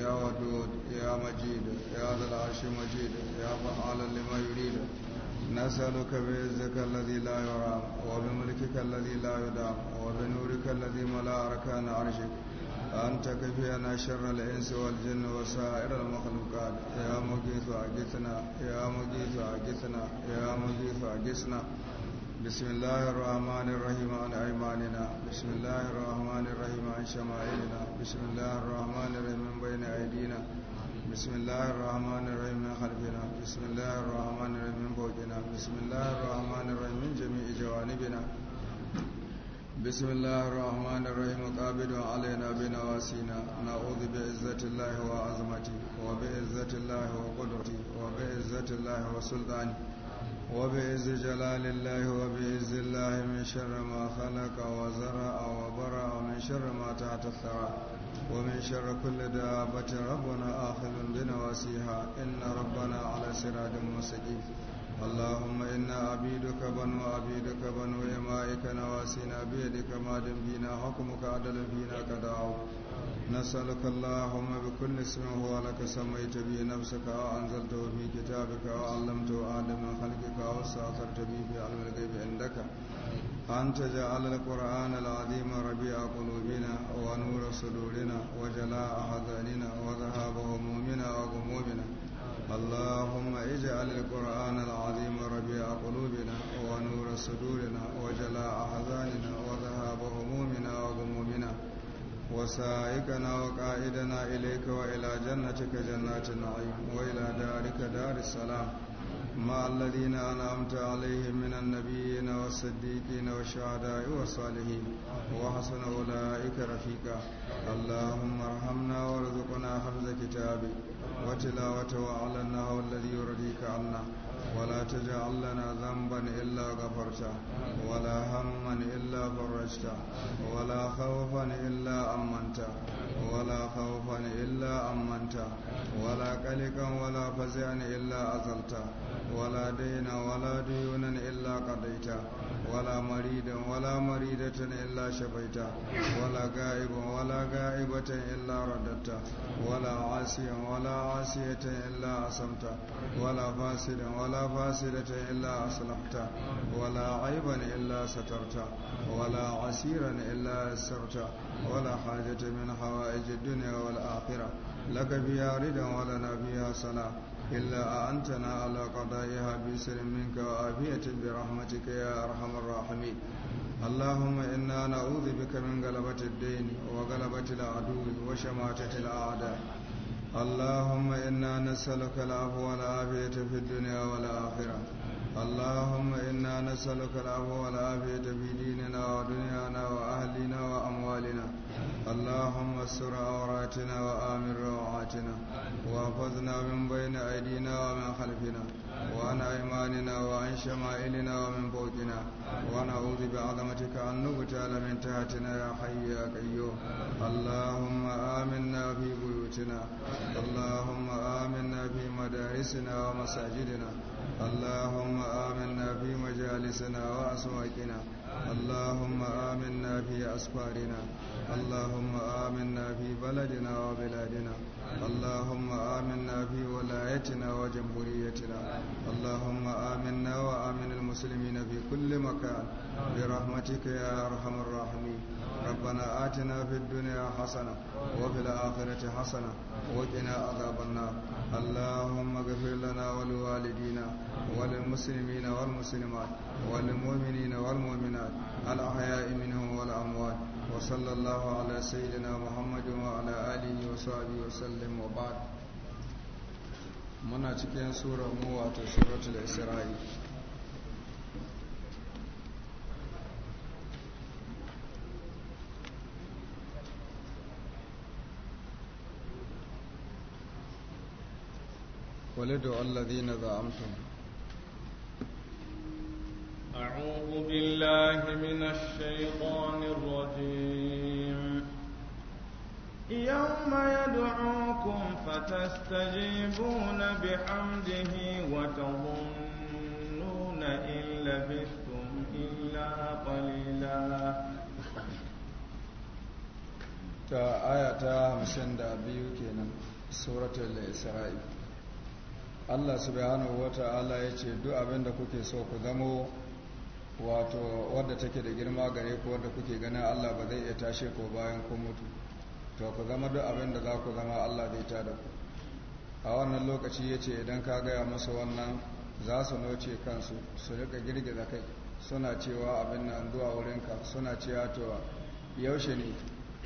يا ودود يا مجيد يا ذا العرش مجيد يا فعال لما يريد نسألك بعزك الذي لا يرام وبملكك الذي لا يدام وبنورك الذي ملا أركان عرشك أن تكفينا شر الإنس والجن وسائر المخلوقات يا مجيث أجثنا يا مجيث أجثنا يا مجيث أجثنا, يا مجيث أجثنا بسم الله الرحمن الرحيم عن أيماننا بسم الله الرحمن الرحيم عن شمائلنا بسم الله الرحمن الرحيم من بين أيدينا بسم الله الرحمن الرحيم من خلفنا بسم الله الرحمن الرحيم من فوقنا بسم الله الرحمن الرحيم من جميع جوانبنا بسم الله الرحمن الرحيم قابل علينا بنواسينا نعوذ بعزة الله وعظمته وبعزة الله وقدرته وبعزة الله وسلطانه وبعز جلال الله وبعز الله من شر ما خلق وزرع وبرع ومن شر ما تحت الثرى ومن شر كل دابة ربنا آخذ بنواسيها إن ربنا على سراج مستقيم اللهم إنا عبيدك بنو عبيدك بنو إمائك نواسينا بيدك ما دم فينا حكمك عدل فينا كدعوك نسألك اللهم بكل اسم هو لك سميت به نفسك أو أنزلته في كتابك أو علمته آدم من خلقك أو استأثرت به في علم الغيب عندك أن تجعل القرآن العظيم ربيع قلوبنا ونور صدورنا وجلاء أحزاننا وذهاب همومنا وغمومنا اللهم اجعل القرآن العظيم ربيع قلوبنا ونور صدورنا وجلاء أحزاننا وسائقنا وقائدنا إليك وإلى جنتك جنات النعيم وإلى دارك دار السلام مع الذين أنعمت عليهم من النبيين والصديقين والشهداء والصالحين وحسن أولئك رفيقا اللهم ارحمنا وارزقنا حفظ كتابك وتلاوته على النهو الذي يرضيك عنا ولا تجعل لنا ذنبا إلا غفرته ولا هما إلا فرجته ولا خوفا إلا أمنته ولا خوفا إلا أمنته ولا قلقا ولا فزعا إلا أزلته ولا دينا ولا ديونا إلا قضيته ولا مريدا ولا مريدة إلا شفيته ولا غائبا ولا غائبة إلا رددته ولا عاسيا ولا عاسية إلا أسمته ولا فاسدا ولا ولا فاسدة إلا أصلحته ولا عيبا إلا سترته ولا عسيرا إلا يسرته ولا حاجة من حوائج الدنيا والآخرة لك فيها ردا ولنا فيها صلاة إلا أعنتنا على قضائها بسر منك وآفية برحمتك يا أرحم الراحمين اللهم إنا نعوذ بك من غلبة الدين وغلبة العدو وشماتة الأعداء اللهم إنا نسألك العفو والعافية في الدنيا والآخرة اللهم إنا نسألك العفو والعافية في ديننا ودنيانا وأهلنا وأموالنا اللهم استر عوراتنا وآمن روعاتنا واحفظنا من بين أيدينا ومن خلفنا وعن أيماننا وعن شمائلنا ومن فوقنا ونعوذ بعظمتك أن نبتال من تحتنا يا حي يا قيوم اللهم آمنا في بيوتنا اللهم آمنا في مدارسنا ومساجدنا اللهم آمنا في مجالسنا وأسواقنا اللهم آمنا في أسفارنا اللهم آمنا في بلدنا وبلادنا اللهم آمنا في ولايتنا وجمهوريتنا اللهم آمنا وآمن المسلمين في كل مكان برحمتك يا أرحم الراحمين ربنا آتنا في الدنيا حسنة وفي الآخرة حسنة وقنا عذاب النار اللهم اغفر لنا ولوالدينا وللمسلمين والمسلمات والمؤمنين والمؤمنات الأحياء منهم والأموات وصلى الله على سيدنا محمد وعلى آله وصحبه وسلم وبعد muna cikin sura mu wato suratul isra'i ولدوا الذين زعمتم أعوذ بالله من الشيطان الرجيم يوم يدعوكم فتستجيبون بحمده وتظنون إن لبثتم إلا قليلا آية aya ta hamsin da biyu kenan Allah subhanahu ta’ala ya ce duk abin da kuke so ku zamo wato wadda take da girma gare ku wadda kuke ganin Allah ba zai iya tashe ko bayan ku mutu to ku zama duk abin da za ku zama Allah zai ta da ku a wannan lokaci ya ce idan ka gaya musu wannan za su noce kansu su rika girgiza kai suna cewa abin nan zuwa wurinka suna cewa to yaushe ne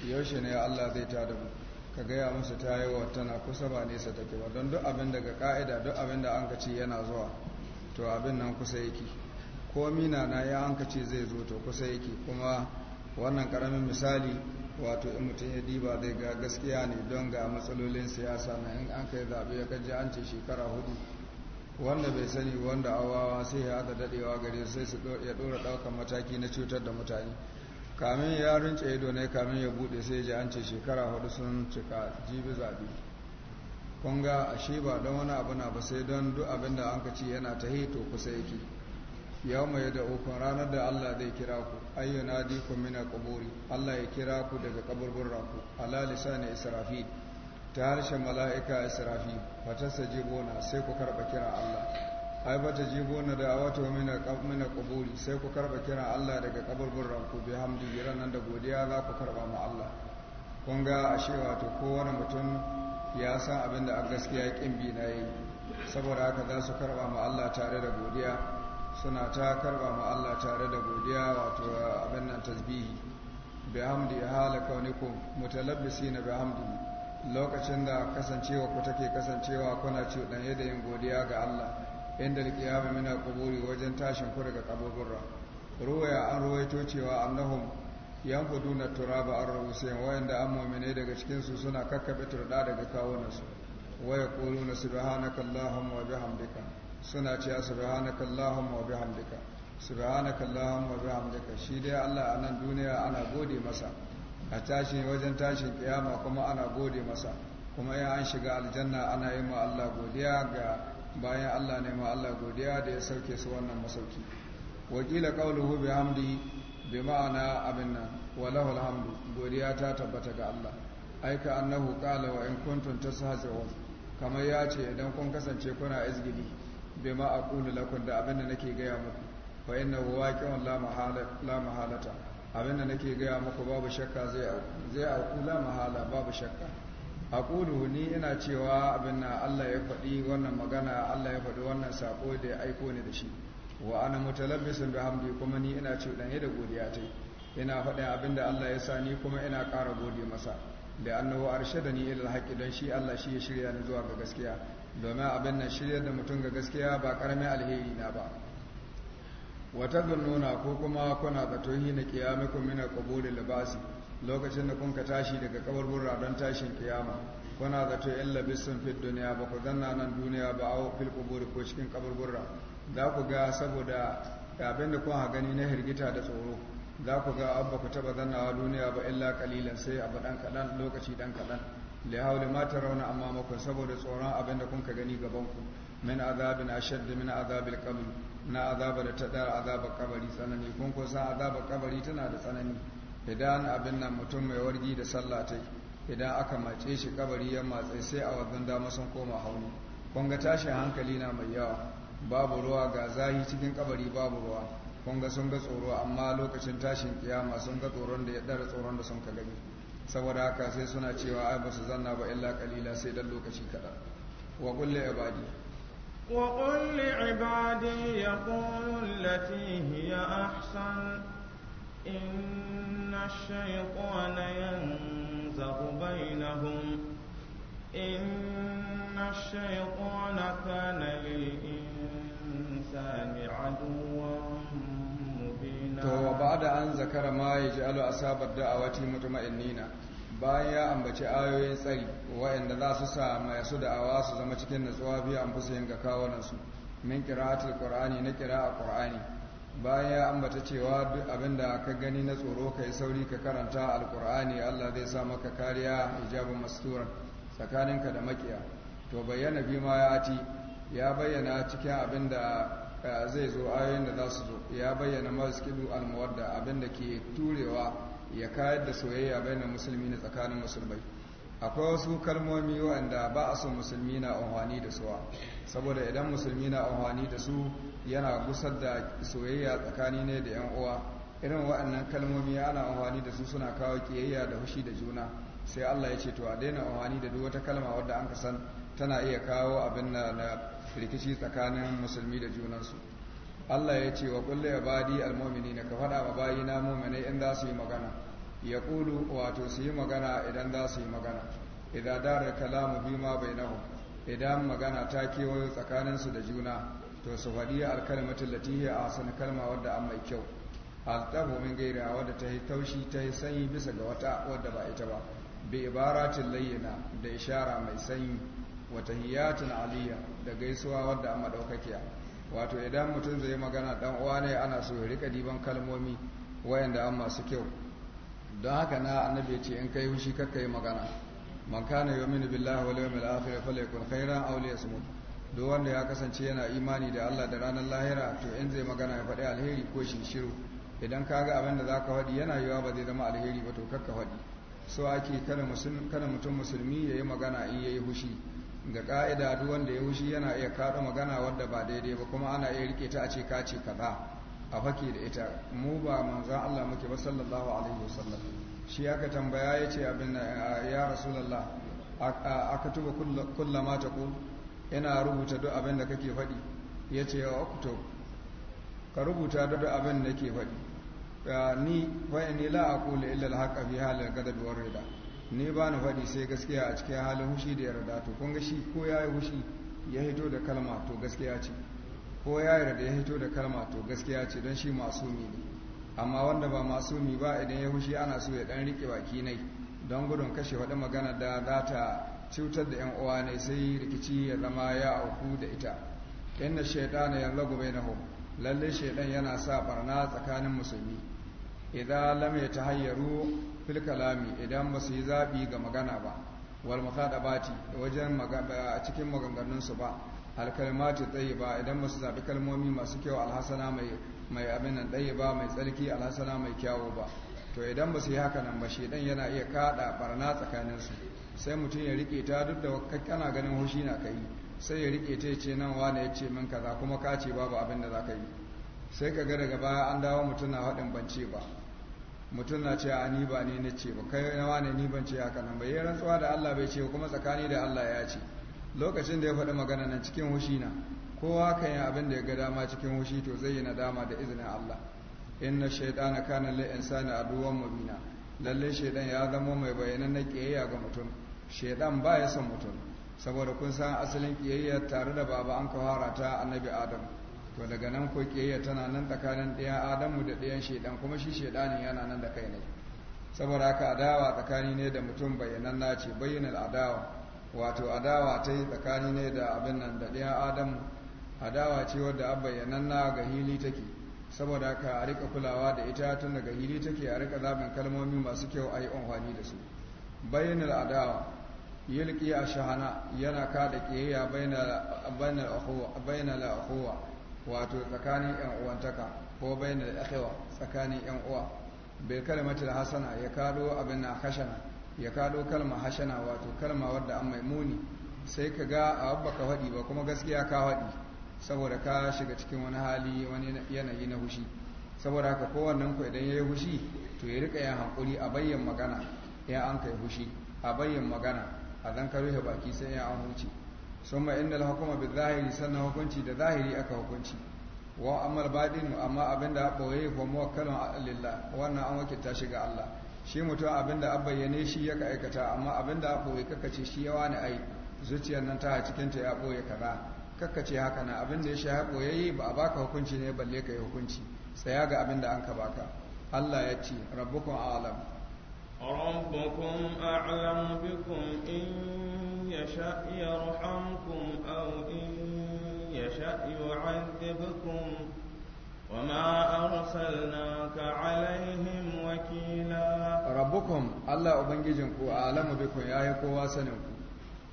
yaushe ne Allah zai ta da mu ka gaya musu ta yi wa tana kusa ba nesa take ba don duk abin daga ka'ida duk abin da an ka ce yana zuwa to abin nan kusa yake ko mina na ya an ka ce zai zo to kusa yake kuma wannan karamin misali wato in mutum ya diba zai ga gaskiya ne don ga matsalolin siyasa na in an kai zaɓe ya kaji an ce shekara hudu wanda bai sani wanda awawa sai ya haɗa daɗewa gari sai su ya ɗora ɗaukar mataki na cutar da mutane kamin ya rince ido ne kamin ya buɗe sai ji an ce shekara hudu sun cika jibi zaɓe kun ga ashe ba don wani abu na ba sai don duk abin da an ka ci yana ta hito kusa yake yau mai da ofin ranar da Allah zai kira ku ayyana diko mina kaburi Allah ya kira ku daga kaburburra raku ala lisanin israfi ta harshen mala'ika israfi fata bona sai ku karba kira Allah ai ji bona da wato mina mina kaburi sai ku karɓa kira Allah daga kaburburra raku bi hamdi nan da godiya za ku karɓa ma Allah kun ga ashe wato kowane mutum ya san abin da a gaskiya kin bi na yi saboda haka za su karɓa mu Allah tare da godiya suna ta karba ma Allah tare da godiya wato abin nan tasbihi bi hamdi hala mutalabbisina bi hamdi lokacin da kasancewa ku take kasancewa kuna ci dan yadda yin godiya ga Allah inda alqiyama mina kuburi wajen tashin ku daga kaburra ruwaya an ruwaito cewa annahum yanfuduna turaba an rubusain wayanda an daga cikin su suna kakkabe turda daga kawunansu waya quluna subhanakallahumma wa bihamdika suna cewa subhanaka allahumma wa bihamdika subhanaka allahumma wa bihamdika shi dai Allah a nan duniya ana gode masa a tashi wajen tashin kiyama kuma ana gode masa kuma ya an shiga aljanna ana yi ma Allah godiya ga bayan Allah ne ma Allah godiya da ya sauke su wannan masauki wakila qawluhu bihamdi bi ma'ana abin nan walahu alhamdu godiya ta tabbata ga Allah aika annahu qala wa in kuntum tasahzun kamar ya ce idan kun kasance kuna izgidi bima aqulu lakum da abinda nake gaya muku fa innahu waqi'un la mahala la mahalata abinda nake gaya muku babu shakka zai zai aqu la mahala babu shakka A aqulu ni ina cewa abin na Allah ya faɗi wannan magana Allah ya faɗi wannan sako da ya aiko ni da shi wa ana mutalabbisun bihamdi kuma ni ina ce dan da godiya ta yi. ina faɗin abinda Allah ya sa ni kuma ina ƙara gode masa da da ni ila alhaqi don shi Allah shi ya shirya ni zuwa ga gaskiya domin abin nan shiryar da mutum ga gaskiya ba karamin alheri na ba wata nuna ko kuma kuna na hina kiyamikun mina qabuli labasi lokacin da kun ka tashi daga burra don tashin kiyama kuna zato in labisun fit duniya ba ku zanna nan duniya ba a fil kuburi ko cikin burra za ku ga saboda abin da kun gani na hirgita da tsoro za ku ga abba ku taba zannawa duniya ba illa kalilan sai abu dan kaɗan lokaci dan kaɗan li hauli ma tarawna amma maku saboda tsoron abin da kun ka gani gaban ku min azabin ashadd min azabil qabr na azaba da ta dara azaba kabari tsanani kun ko san azaba kabari tana da tsanani idan abin nan mutum mai wargi da sallah tai idan aka mace shi kabari ya matse sai a wajen dama sun koma hauni kun ga tashin hankali na mai yawa babu ruwa ga zahi cikin kabari babu ruwa kun ga sun ga tsoro amma lokacin tashin kiyama sun ga tsoron da ya ɗara tsoron da sun ka gani saboda haka sai suna cewa ai ba su zanna ba illa kalila sai dan lokaci kaɗan wa kulli ibadi wa kulli ibadi yaqulu allati hiya ahsan inna ash-shaytana yanzaghu bainahum inna ash-shaytana kana lil insani aduwwan to ba da an zakara ma ya ji alu da'awati nina, bayan ya ambaci ayoyin tsari waɗanda za su sa da da'awa su zama cikin natsuwa biyu an fusa yin ga kawunansu min kira'atul qur'ani na kira'a qur'ani bayan ya ambata cewa duk abin da ka gani na tsoro ka yi sauri ka karanta alqur'ani Allah zai sa maka kariya masu masturan tsakaninka da makiya to bayyana bi ma ya ati ya bayyana cikin abin da zai zo ayoyin da za su zo ya bayyana mazkidu almuwadda abin da ke turewa ya kayar da soyayya bayanan musulmi na tsakanin musulmai akwai wasu kalmomi waɗanda ba a so musulmi na amfani da suwa saboda idan musulmi na amfani da su yana gusar da soyayya tsakani ne da yan uwa irin waɗannan kalmomi ana amfani da su suna kawo kiyayya da hushi da juna sai Allah ya ce to a daina amfani da duk wata kalma wadda an san tana iya kawo abin na rikici tsakanin musulmi da junansu Allah ya ce wa ya badi almomini na ka faɗa wa bayina mu'minai in za su yi magana ya kulu wato su yi magana idan za su yi magana idan dara kalamu fi ma nahu idan magana ta kewayo tsakaninsu da juna to su faɗi alkalmatin latihi a sani kalma wadda an mai kyau altahu min gaira wadda ta yi taushi ta yi sanyi bisa ga wata wadda ba ita ba bi ibaratin layyana da ishara mai sanyi wa tana aliyya da gaisuwa wadda an madaukakiya wato idan mutum zai magana dan uwa ne ana so ya rika diban kalmomi wayanda an masu kyau don haka na annabi ya ce in kai hushi kakka yi magana man kana yu'minu billahi wal yawmil akhir falyakun khairan aw liyasmut duk wanda ya kasance yana imani da Allah da ranar lahira to in zai magana ya faɗi alheri ko shi shiru idan ka ga abin da za ka faɗi yana yiwa ba zai zama alheri ba to kakka faɗi so ake kana mutum musulmi ya yi magana in ya yi hushi ga ka'ida duk wanda ya wushi yana iya kaɗa magana wadda ba daidai ba kuma ana iya rike ta a ce ka ce kaza a fake da ita mu ba manzan Allah muke ba sallallahu alaihi wasallam shi aka tambaya ya ce abin ya rasulullah aka tuba kulla ma ta ina rubuta duk abin da kake faɗi ya ce ya okto ka rubuta duk abin da ke faɗi ni fa inni la aqulu illa al haqq fi halil ghadabi wa ridha ne ba na faɗi sai gaskiya a cikin halin hushi da yarda to kun ga shi ko ya yi hushi ya hito da kalma to gaskiya ce ko ya yarda ya hito da kalma to gaskiya ce don shi masumi ne amma wanda ba masumi ba idan ya hushi ana so ya dan rike baki nai don gudun kashe wata magana da za ta cutar da 'yan uwa ne sai rikici ya zama ya auku da ita inna shaitana yanzu bai na Lallai shaitan yana sa barna tsakanin musulmi idan lam hayyaru fil kalami idan ba su yi zabi ga magana ba wal bati wajen a cikin maganganun su ba al tsaye ba idan ba su zaɓi kalmomi masu kyau alhasana mai mai abin nan ba mai tsarki alhasana mai kyawu ba to idan ba su yi haka nan ba dan yana iya kada barna tsakanin su sai mutum ya rike ta duk da kana ganin hushi na kai sai ya rike ta ce nan wane ya ce min kaza kuma ka ce babu abin da za ka yi sai ka ga daga baya an dawo mutum na haɗin bance ba mutum na ce a ni ba ne na ce ba kai na wane ni ban ce haka nan bai rantsuwa da Allah bai ce kuma tsakani da Allah ya ce lokacin da ya faɗi magana nan cikin hushi na kowa kan yi abin da ya ga dama cikin hushi to zai yi na dama da izinin Allah inna shaidana kana lil insani aduwwan mubina Lallai shaidan ya zama mai bayanan na kiyayya ga mutum shaidan ba ya son mutum saboda kun san asalin kiyayya tare da baba an kawara ta annabi adam to daga nan ko kiyayya tana nan tsakanin ɗayan adamu da ɗayan shaidan kuma shi shaidanin yana nan da kai ne saboda haka adawa tsakani ne da mutum na ce bayyana adawa wato adawa ta yi tsakani ne da abin nan da ɗayan adamu adawa ce wadda a na ga hili take saboda haka a rika kulawa da ita tun daga hili take a rika zaɓin kalmomi masu kyau a yi amfani da su Bayyana adawa yilki a shahana yana kada kiyayya bayyana la'akowa. wato tsakanin yan uwantaka ko bayan da akhwa tsakanin yan uwa bil kalimatil hasana ya kado abin na hashana ya kado kalma hashana wato kalma wadda an mai muni sai ka ga a abba ka faɗi ba kuma gaskiya ka faɗi saboda ka shiga cikin wani hali wani yanayi na hushi saboda haka kowannen ku idan ya yi hushi to ya rika yin hankuri a bayyan magana ya an kai hushi a bayyan magana a zan ka rufe baki sai ya an huce ma innal hukuma bi zahiri sannan hukunci da zahiri aka hukunci wa amal badinu amma abinda boye ko muwakkalun lillah wannan an wakilta shi ga Allah shi mutum abinda an bayyane shi ya aikata amma abin da boye kaka ce shi yawa ne ai zuciyar nan ta cikin ta ya boye kaza kaka ce haka na da ya ya yi ba a baka hukunci ne balle ka yi hukunci tsaya ga abinda an ka baka Allah ya ce rabbukum a'lam ربكم أعلم بكم إن يشأ يرحمكم أو إن يشأ يعذبكم وما أرسلناك عليهم وكيلا ربكم الله أبنجيكم أعلم بكم يا يقوى سنكم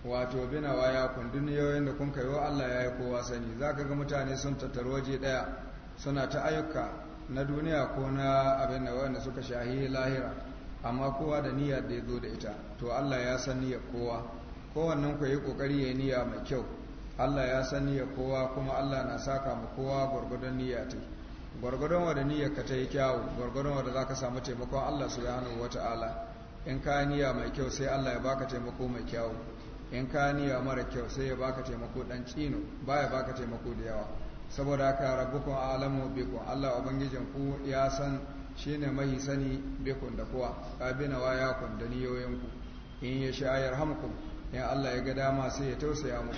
wato bina waya kun duniyoyin da kun kaiwa Allah ya yi kowa sani za ka ga mutane sun tattaro waje ɗaya suna ta ayyuka na duniya ko na abin da wanda suka shahi lahira amma kowa da niyya da ya zo da ita to Allah ya san niyyar kowa kowannen ku yi kokari ya niyya mai kyau Allah ya san niyyar kowa kuma Allah na saka ma kowa gwargwadon niyya ta gwargwadon wanda niyyar ka ta yi kyawu gwargwadon wanda zaka samu taimakon Allah subhanahu wataala in ka niyya mai kyau sai Allah ya baka taimako mai kyawu in ka niyya mara kyau sai ya baka taimako dan cino baya baka taimako da yawa saboda haka rabbukum a'lamu bikum Allah ubangijin ku ya san ne mai sani bikun da kowa abina wa ya kun da niyoyinku in ya sha rahamku in Allah ya ga dama sai ya tausaya muku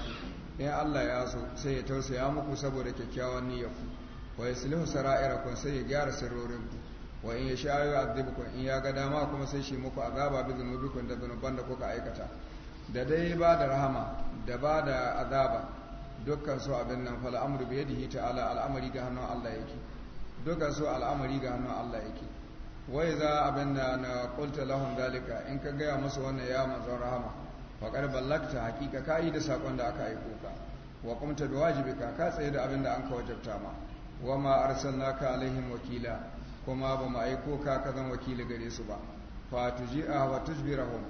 in Allah ya so sai ya tausaya muku saboda kyakkyawan niyyarku wa yuslihu sara'irakum sai ya gyara sirrorinku wa in ya sha yu'adhibukum in ya ga dama kuma sai shi muku azaba bi dhunubikum da zunuban da kuka aikata da dai ba da rahama da ba da azaba dukkan su abin nan fal amru bi yadihi ta'ala al'amari ga hannun Allah yake duka so al'amari ga hannun Allah yake wai za abin da na kulta lahun dalika in ka gaya musu wannan ya manzon rahama faƙar ballakta hakika ka yi da saƙon da aka yi ka wa kumta da wajibi ka ka tsaye da abin da an ka wajabta ma wa ma ka alaihim wakila kuma ba mu aiko ka ka zan wakili gare su ba fa tuji'a wa tujbirahum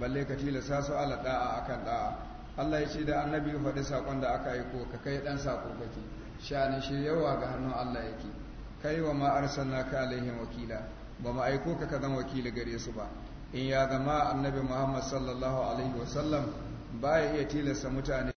balle ka tilasa su ala da'a akan da'a Allah ya ce da annabi faɗi saƙon da aka aiko ka kai ɗan saƙo kake sha'anin yawa ga hannun Allah yake kai wa ma arsalnaka alaihim wakila ba mu aiko ka kazan wakili gare su ba in ya zama annabi Muhammad sallallahu alaihi wasallam ba ya iya tilasta mutane